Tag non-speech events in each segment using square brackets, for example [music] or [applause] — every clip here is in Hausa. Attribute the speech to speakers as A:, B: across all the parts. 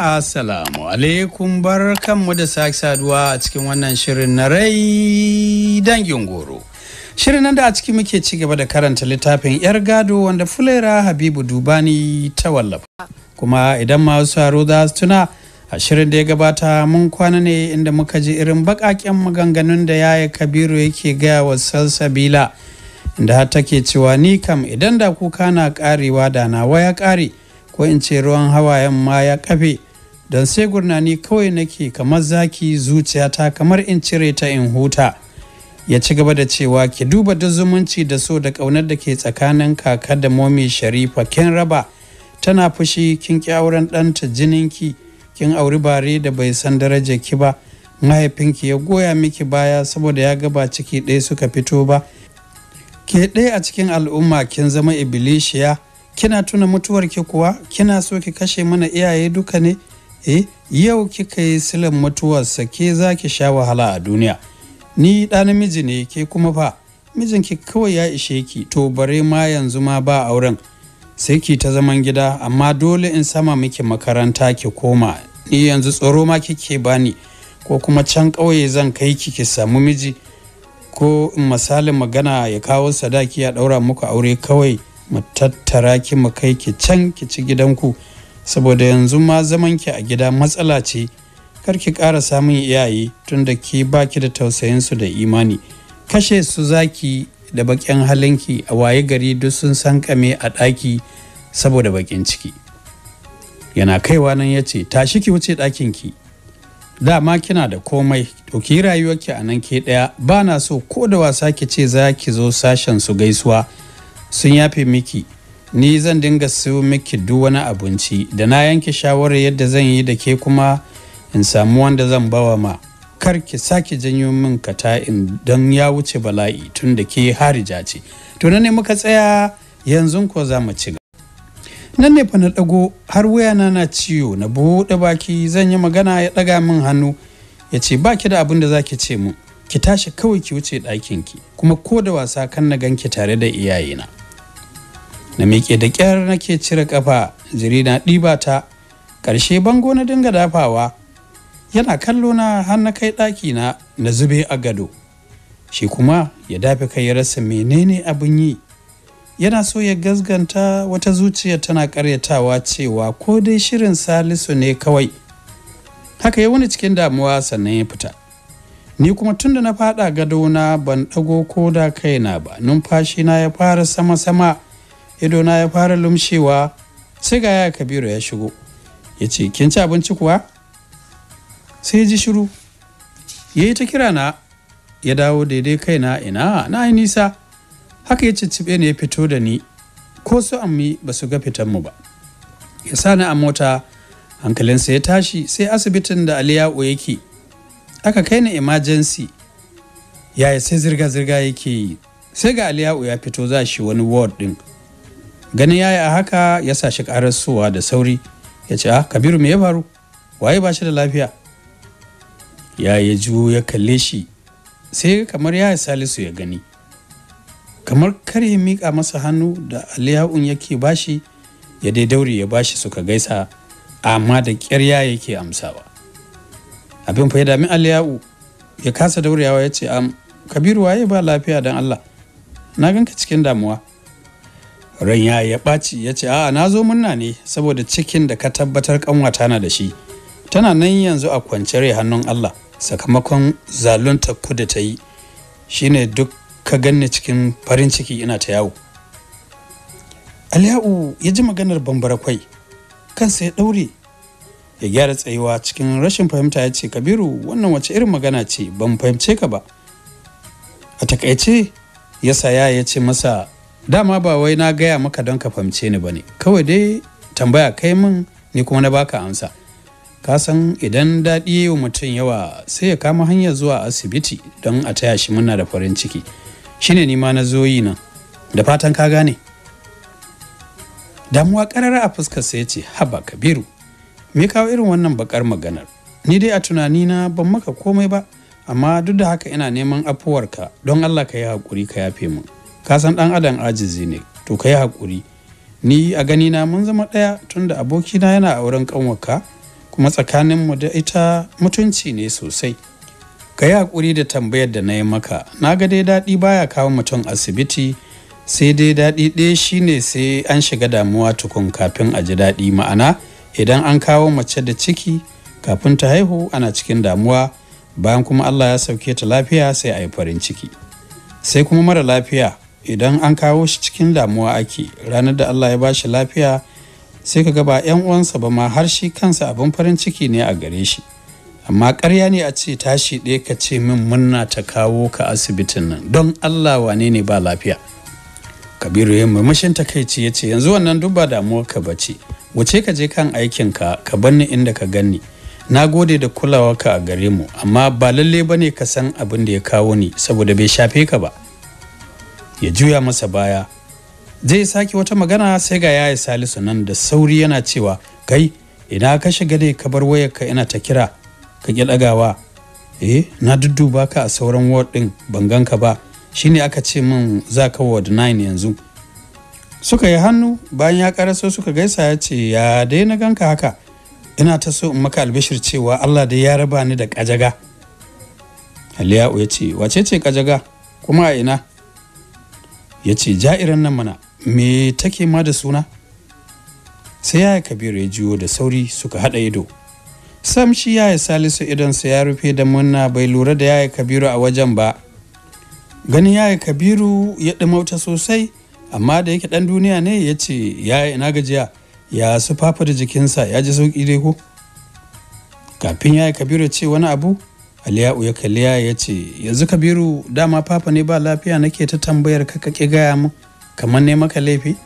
A: assalamu alaikum bar kanmu da sake saduwa a cikin wannan shirin na rai dangin goro shirin nan da a ciki muke ci gaba da karanta littafin yar gado wanda fulera habibu dubani ta wallafa kuma idan masu haro za su tuna a shirin da ya gabata mun kwana ne inda muka ji irin baƙaƙen maganganun da yaya kabiru yake gaya wa salsabila inda har take cewa ni kam idan da kuka na karewa da nawa ya ƙare ko in ce ruwan hawayen ma ya kafe don sai gurnani kawai nake kamar zaki zuciyata kamar in cire ta in huta ya ci gaba da cewa ki duba da zumunci da so da ƙaunar da ke tsakanin kaka da momi sharifa kin raba tana fushi kin ki auren ɗanta jininki kin auri bare da bai san daraja ki ba mahaifinki ya goya miki baya saboda ya gaba ciki ɗaya suka fito ba ke ɗaya a cikin al'umma kin zama ibilishiya kina tuna mutuwarki kuwa kina so ki kashe mana iyaye duka ne eh yau kika yi silan sa ke za ki sha wahala a duniya ni ɗa namiji ne ke kuma fa mijinki kawai ya ishe ki to bare ma yanzu ma ba auren sai ki ta zaman gida amma dole in sama miki makaranta ki koma ni yanzu tsoro ma kike bani ko kuma can ƙauye zan kai ki ki samu miji ko in misalin magana ya kawo sadaki ya ɗaura muku aure kawai mu tattara ki mu kai ki can ki ci gidanku saboda yanzu ma zaman ki a gida matsala ce kar ki ƙara samun iyaye tun da ki baki da tausayin su da imani kashe su zaki da baƙin halinki a waye gari duk sun san kame a ɗaki saboda baƙin ciki yana kaiwa nan ya ce tashi ki wuce ɗakinki dama kina da komai to ki rayuwarki a nan ke ɗaya ba na so ko da wasa ki ce za ki zo sashen su gaisuwa sun yafe miki ni zan dinga siyo miki duk wani abinci da na yanke shawarar yadda zan yi da ke kuma in samu wanda zan bawa ma kar ki sake janyo min kata in don ya wuce bala'i tun da ke harija ce to nan ne muka tsaya yanzu ko za mu ci nan ne fa na ɗago har wuyana na ciwo na buɗe baki zan yi magana ya ɗaga min hannu ya ce ba da abin da zaki ce mu ki tashi kawai ki wuce ɗakinki kuma ko da wasa kan na ganki tare da iyayena na miƙe da ƙyar nake cire ƙafa jiri na ɗiba ta ƙarshe bango na dinga dafawa yana kallo na har na kai ɗaki na na zube a gado shi kuma ya dafe kai ya rasa menene abin yi yana so ya gazganta wata zuciya tana karyatawa cewa ko dai shirin salisu ne kawai haka ya wani cikin damuwa sannan ya fita ni kuma tun da na fada na ban ɗago ko da kaina ba numfashi na ya fara sama-sama idona ya fara lumshewa sai ga ya kabiru ya shigo ya ce kin ci abinci kuwa sai ji shiru ya yi ta kira na ya dawo daidai kaina ina na yi nisa haka ya ciccibe ne ya fito da ni ko su ammi ba su ga fitanmu ba ya sa ni a mota hankalinsa ya tashi sai asibitin da aliyu yake aka kai ni emergency yaya sai zirga-zirga yake yi sai ga aliyu ya fito za shi wani ward din ganin yayi a haka ya sa shi suwa da sauri ya ce ah kabiru me ya faru waye ba shi da lafiya ya ya juyo ya kalle shi sai kamar ya salisu ya gani kamar kar ya miƙa masa hannu da aliyahun yake bashi ya dai daure ya bashi suka gaisa amma da ƙyarya yake amsawa abin fa ya dami aliyahu ya kasa daurewa ya ce am kabiru waye ba lafiya don allah na ganka cikin damuwa ran ya ya ɓaci ya ce a'a na zo murna ne saboda cikin da ka tabbatar kanwata na da shi tana nan yanzu a kwance kwanciyar hannun Allah sakamakon zalunta ku da ta yi shine duk ka ganni cikin farin ciki ina ta yawo Aliyu ya ji maganar bambara kwai kansa ya daure ya gyara tsayuwa cikin rashin fahimta ya ce kabiru wannan wace irin magana ce ban fahimce ka ba a takaice ya saya ya ce masa dama ba wai na gaya maka don ka fahimce ni bane kawai dai tambaya kai min ni kuma na baka amsa ka san idan daɗi wa mutum yawa sai ya kama hanyar zuwa asibiti don a taya shi muna da farin ciki shine ni ma na zo yi nan da fatan ka gane damuwa karara a fuskar sai ce haba kabiru me kawo irin wannan bakar maganar ni dai a tunanina ban maka komai ba amma duk da haka ina neman afuwarka don allah ka yi haƙuri ka yafe mu ka san dan adam ajizi ne to kai hakuri ni a gani na mun zama ɗaya tunda abokina yana auren kanwarka kuma tsakanin mu da ita mutunci ne sosai ka yi hakuri da tambayar da na yi maka na ga dai daɗi baya kawo mutum asibiti sai dai daɗi ɗaya shine sai an shiga damuwa tukun kafin a ji daɗi ma'ana idan an kawo mace da ciki kafin ta haihu ana cikin damuwa bayan kuma Allah ya sauke ta lafiya sai a yi farin ciki sai kuma mara lafiya idan an kawo shi cikin damuwa ake ranar da allah ya ba shi lafiya sai ka gaba 'yan uwansa ba ma har shi kansa abin farin ciki ne a gare shi amma karya ne a ce tashi ɗaya ka ce min muna ta kawo ka asibitin nan don allah wane ne ba lafiya kabiru yin murmushin takaici ya ce yanzu wannan duk ba damuwar ka bace wuce ka je kan aikinka ka ni inda ka ganni na gode da ka a gare mu amma ba lalle ba ne ka san abin da ya kawo ni saboda bai shafe ka ba ya juya masa baya zai sake wata magana sai ga yaya salisu nan da sauri yana cewa kai ina ka shiga dai ka bar wayar ka ina ta kira ka ƙi ɗagawa eh na dudduba ka a sauran ward ɗin ban ganka ba shine aka ce min za ka ward 9 yanzu suka yi hannu bayan ya karaso suka gaisa ya ce ya dai na ganka haka ina ta so in maka albishir cewa Allah dai ya raba ni da kajaga Aliyu ya ce wace ce kajaga kuma a ina ya ce ja'iran nan mana me take ma da suna sai yaya kabiru ya jiyo da sauri suka haɗa ido sam shi yaya salisu idonsa ya rufe da munna bai lura da yaya kabiru a wajen ba ganin yaya kabiru ya ɗumauta sosai amma da yake ɗan duniya ne ya ce yaya ina gajiya ya su fafa da jikinsa ya ji sauƙi dai ko kafin yaya kabiru ya ce wani abu Aliyu ya kalli ya ya ce, Yanzu Kabiru dama fafa ne ba lafiya nake ta tambayar ka kake gaya mu, kamar ne maka laifi?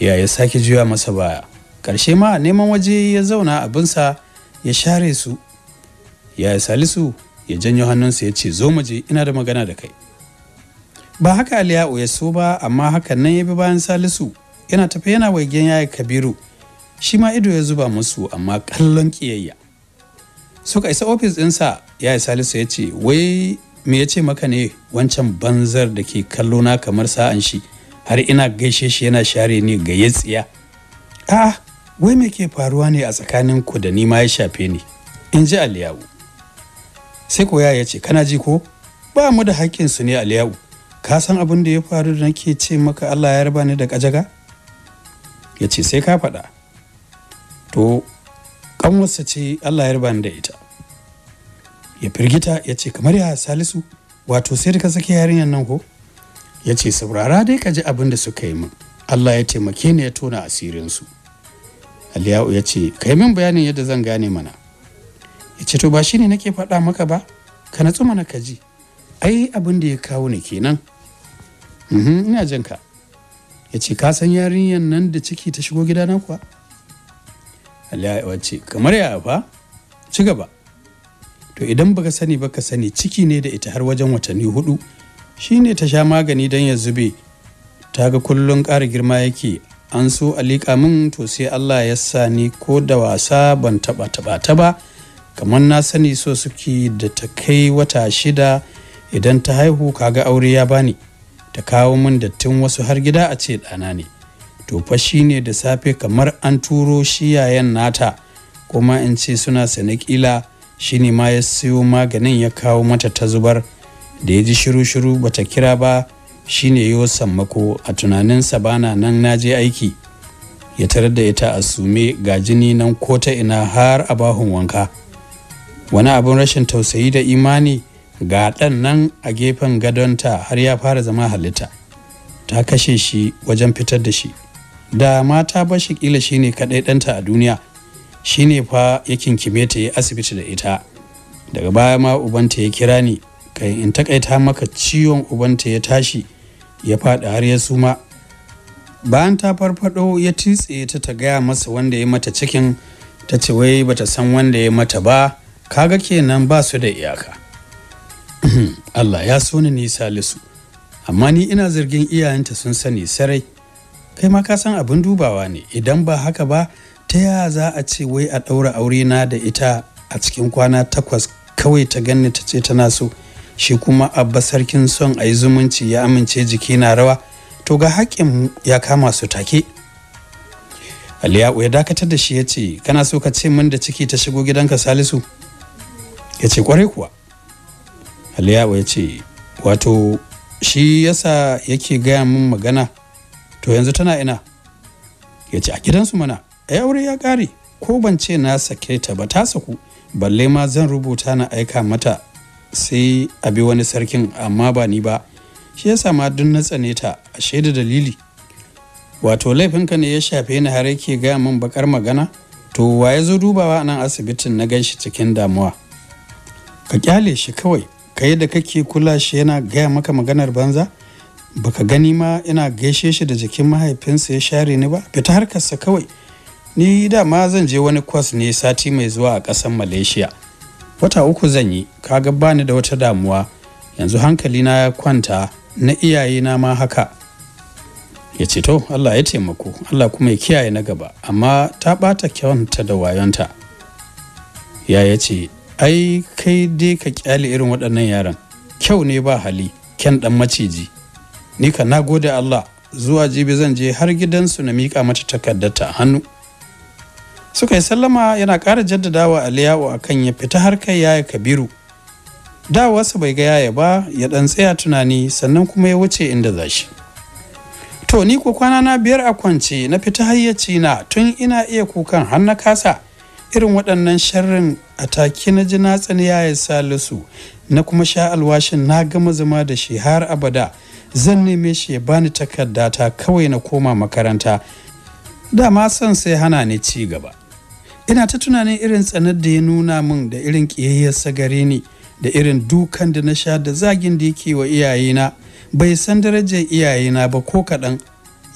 A: Ya ya sake juya masa baya. Karshe ma neman waje ya zauna abinsa ya share su. Ya ya salisu ya janyo hannunsa ya ce, Zo mu je ina da magana da kai. Ba haka Aliyu ya so ba, amma haka nan ya bi bayan salisu. Yana tafi yana waigen yaya Kabiru. Shi ma ido ya zuba musu amma kallon ƙiyayya. suka isa ofis ɗinsa ya yi salisu ya ce wai me ya ce maka ne wancan banzar da ke kallo na kamar sa'an shi har ina gaishe shi yana share ni ga ya tsiya ah wai me ke faruwa ne a tsakanin ku da ni ma ya shafe ni in ji aliyawu sai koya ya ce kana ji ko ba mu da hakkin su ne aliyawu ka san abin da ya faru da nake ce maka Allah ya raba ni da kajaga ya ce sai ka faɗa to ƙanwarsa ce Allah ya riba da ita ya firgita ya ce kamar ya salisu wato sai da ka sake yarinyar nan ko ya ce saurara dai ka ji abin da suka yi min Allah ya taimake ni ya tona asirinsu Aliyu ya ce ka yi min bayanin yadda zan gane mana ya ce to ba shi ne nake faɗa maka ba ka natsu mana ka ji ai abin da ya kawo ni kenan mhm, ina jinka ka ya ce ka san yarinyar nan da ciki ta shigo gidana kuwa wace kamar ya fa ci gaba to idan baka sani baka sani ciki ne da ita har wajen watanni hudu shine ta sha magani don ya zube ta ga kullun ƙara girma yake an so a liƙa min to sai Allah ya sani ko da wasa ban taba taba ta ba kamar na sani so suke da ta kai wata shida idan ta haihu kaga aure ya bani ta kawo min dattin wasu har gida a ce dana ne to fa shine da safe kamar an turo shi nata kuma in ce suna sane kila shine ma ya siyo maganin ya kawo mata ta zubar da ya ji shiru-shiru bata kira ba shine yi sammako a tunaninsa bana nan naje aiki ya tarar da ita a sume ga jini nan ko ta ina har a bahun wanka wani abin rashin tausayi da imani ga ɗan nan a gefen gadonta har ya fara zama halitta ta kashe shi wajen fitar da shi da mata bashi kila ne kaɗai ɗanta a duniya shi ne fa ya kinkime ta yi asibiti da ita daga baya ma ubanta ya kira ni kai in takaita maka ciwon ubanta ya tashi ya faɗi har ya suma bayan ta farfaɗo, ya titse ta ta gaya masa wanda ya mata cikin ta ce wai bata san wanda ya mata ba kaga kenan ba su da iyaka [clears throat] Allah ya so ni nisa lisu amma ni ina zargin iyayenta sun sani sarai kai ma ka san abin dubawa ne idan ba haka ba ta ya za a ce wai a ɗaura aure na da ita a cikin kwana takwas kawai ta ganni ta ce tana so shi kuma abba sarkin son a yi zumunci ya amince jiki na rawa to ga haƙƙin ya kama su take aliyu ya dakatar da shi ya ce kana so ka ce min da ciki ta shigo gidanka salisu ya ce kwarai kuwa aliyu ya ce wato shi yasa yake gaya min magana to yanzu tana ina ya ce a gidansu mana ai eh, aure ya ƙare ko ban ce na sake ta ba ta saku balle ma zan rubuta na aika mata sai a bi wani sarkin amma ba ni ba shi yasa ma duk na tsane ta a shaida dalili wato laifinka ne ya shafe ni har yake gaya min bakar magana to wa ya zo dubawa nan asibitin na gan shi cikin damuwa ka kyale shi kawai kai da kake kula shi yana gaya maka maganar banza baka gani ma ina gaishe shi da jikin mahaifinsa ya share ni ba fita harkarsa kawai ni da ma zan je wani kwas ne sati mai zuwa a ƙasar malaysia wata uku zan yi kaga bani da wata damuwa yanzu hankali na ya kwanta na iyaye na ma haka ya ce to allah ya taimako allah kuma ya kiyaye na gaba amma ta ɓata kyawanta da wayonta ya ya ce ai kai dai ka kyale irin waɗannan yaran kyau ne ba hali kyan ɗan maciji ni ka na gode Allah zuwa jibi zan je har gidansu na miƙa mata takardar ta hannu suka yi sallama yana ƙara jaddadawa aliyawo a kan ya fita har kai yaya kabiru da dawarsa bai ga yaya ba ya ɗan tsaya tunani sannan kuma ya wuce inda za shi to ni ko kwana na biyar a kwance na fita hayyaci na tun ina iya kukan har na kasa irin waɗannan sharrin a take na ji na tsani yaya salisu na kuma sha alwashin na gama zama da shi har abada zan neme shi ya bani takarda ta kawai na koma makaranta dama son sai hana ni ci gaba ina ta tunanin irin tsanar da ya nuna min da irin ƙiyayyarsa gare ni da irin dukan da na sha da zagin da yake wa iyayena bai san darajar iyayena ba ko kaɗan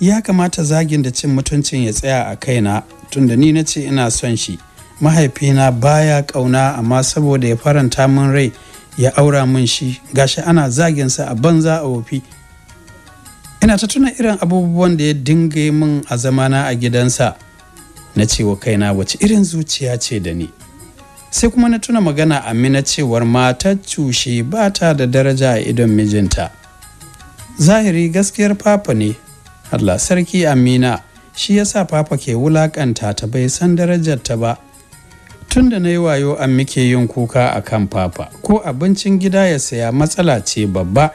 A: ya kamata zagin da cin mutuncin ya tsaya a kaina tunda ni na ce ina son shi mahaifina baya ƙauna amma saboda ya faranta min rai ya aura min shi gashi ana zaginsa a banza a wofi ina ta tuna irin abubuwan da ya dinga min a zamana a gidansa na cewa kaina wace irin zuciya ce da ni sai kuma na tuna magana amina cewar matar cushe ba ta da daraja a idon mijinta zahiri gaskiyar papa ne allah sarki amina shi ya sa papa ke wulakanta ta bai san darajar ta ba tun da na yi wayo an muke yin kuka a kan papa ko abincin gida ya saya matsala ce babba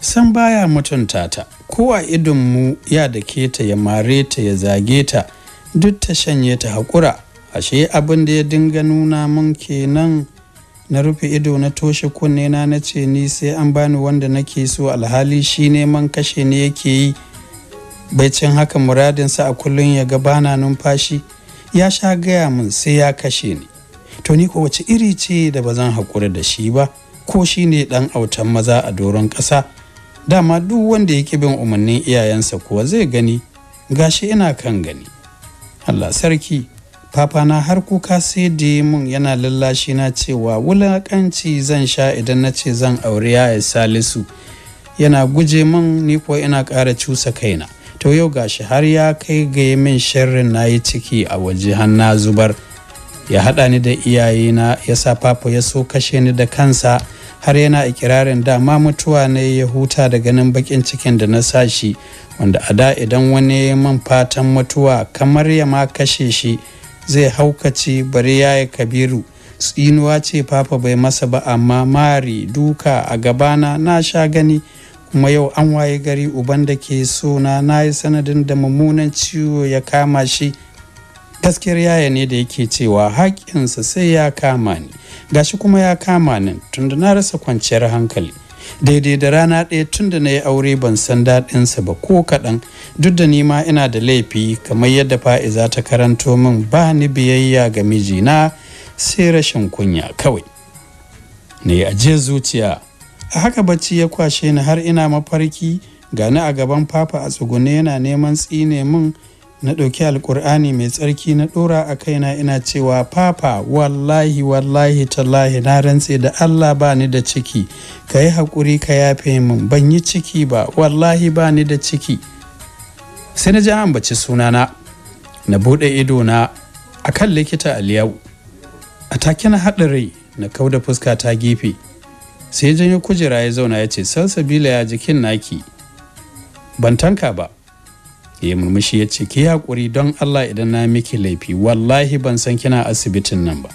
A: san baya mutunta ta ko a idonmu ya da ta ya mare ta ya zage ta duk ta shanye ta haƙura ashe abin da ya dinga nuna mun kenan na rufe ido na toshe kunne na na ce ni sai an bani wanda nake so alhali shi neman kashe ne yake yi bai cin haka muradinsa a kullum ya ga bana numfashi ya sha gaya mun sai ya kashe ni to ni ko wace iri ce da ba zan haƙura da shi ba ko shi ne ɗan autan maza a doron ƙasa dama duk wanda yake bin umarnin iyayensa kuwa zai gani gashi ina kan gani allah sarki na har kuka sai da mun yana lallashi na cewa wulakanci zan sha idan na ce zan aure ya salisu yana guje min ni kuwa ina ƙara cusa kaina to yau gashi har ya kai ga min sharrin na yi ciki a waje hanna na zubar ya haɗa ni da iyayena ya sa papa ya so kashe ni da kansa har yana ikirarin dama mutuwa ne ya huta da ganin bakin cikin da na sashi wanda a da idan wani man fatan mutuwa kamar ya ma kashe shi zai haukace bari ya yi kabiru tsinuwa ce fafa bai masa ba amma mari duka a gabana na sha gani kuma yau an waye gari uban da ke sona na yi sanadin da mummunan ciwo ya kama shi gaskiyar yaya ne da yake cewa haƙƙinsa sai ya kama ni gashi kuma ya kama ni tunda na rasa kwanciyar hankali daidai da rana ɗaya tunda na yi aure ban san daɗinsa ba ko kaɗan duk da nima ina da laifi kamar yadda fa'iza ta karanto min ba ni biyayya ga mijina sai rashin kunya kawai ne a je zuciya a haka bacci ya kwashe ni har ina mafarki gani a gaban fafa a tsuguni yana neman tsine min na ɗauki alkur'ani mai tsarki na ɗora a kaina ina cewa papa wallahi wallahi tallahi na rantse da allah ba ni da ciki ka yi haƙuri ka yafe min ban yi ciki ba wallahi ba ni da ciki sai na ji ambaci sunana na buɗe idona a kan likita aliyau a take na haɗa rai na kau da fuska ta gefe sai janyo kujera ya zauna ya ce salsabila ya jikin naki ban tanka ba ya murmushi ya ce ki haƙuri don Allah idan na miki laifi wallahi ban san kina asibitin nan ba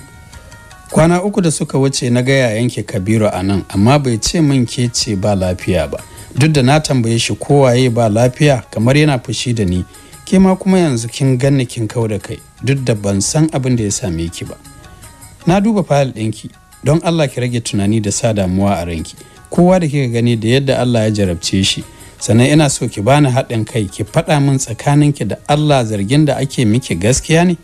A: kwana uku da suka wuce na gaya yanke kabiru a nan amma bai ce min ke ce ba lafiya ba duk da na tambaye shi ko waye ba lafiya kamar yana fushi da ni ke ma kuma yanzu kin ganni kin kau da kai duk da ban san abin da ya same ki ba na duba fayil ɗinki don Allah ki rage tunani da sa damuwa a ranki kowa da kika gani da yadda Allah ya jarabce shi sannan ina so ki bani haɗin kai ki faɗa min tsakanin ki da Allah zargin da ake miki gaskiya ne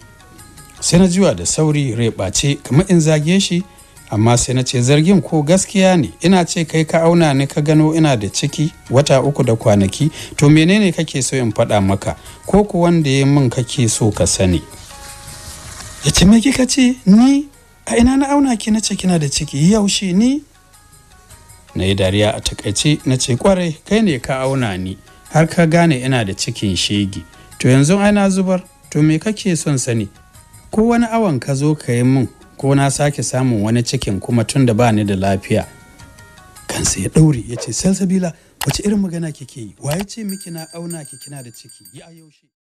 A: sai na jiwa da sauri ɓace kamar in zage shi amma sai na ce zargin ko gaskiya ne ina ce kai ka auna ni ka gano ina da ciki wata uku da kwanaki to menene kake so in faɗa maka ko ku wanda ya min kake so ka sani ya ce me kika ce ni a ina na auna ki na ce kina da ciki yaushe ni na yi dariya a takaice na ce kwarai kai ne ka auna ni har ka gane ina da cikin shege to yanzu ai na zubar to me kake son sani ko wani awon ka zo ka yi min ko na sake samun wani cikin kuma tun da ba ni da lafiya kansa ya ɗaure ya ce salsabila wace irin magana kike yi waye ce miki na auna ki kina da ciki yi a yaushe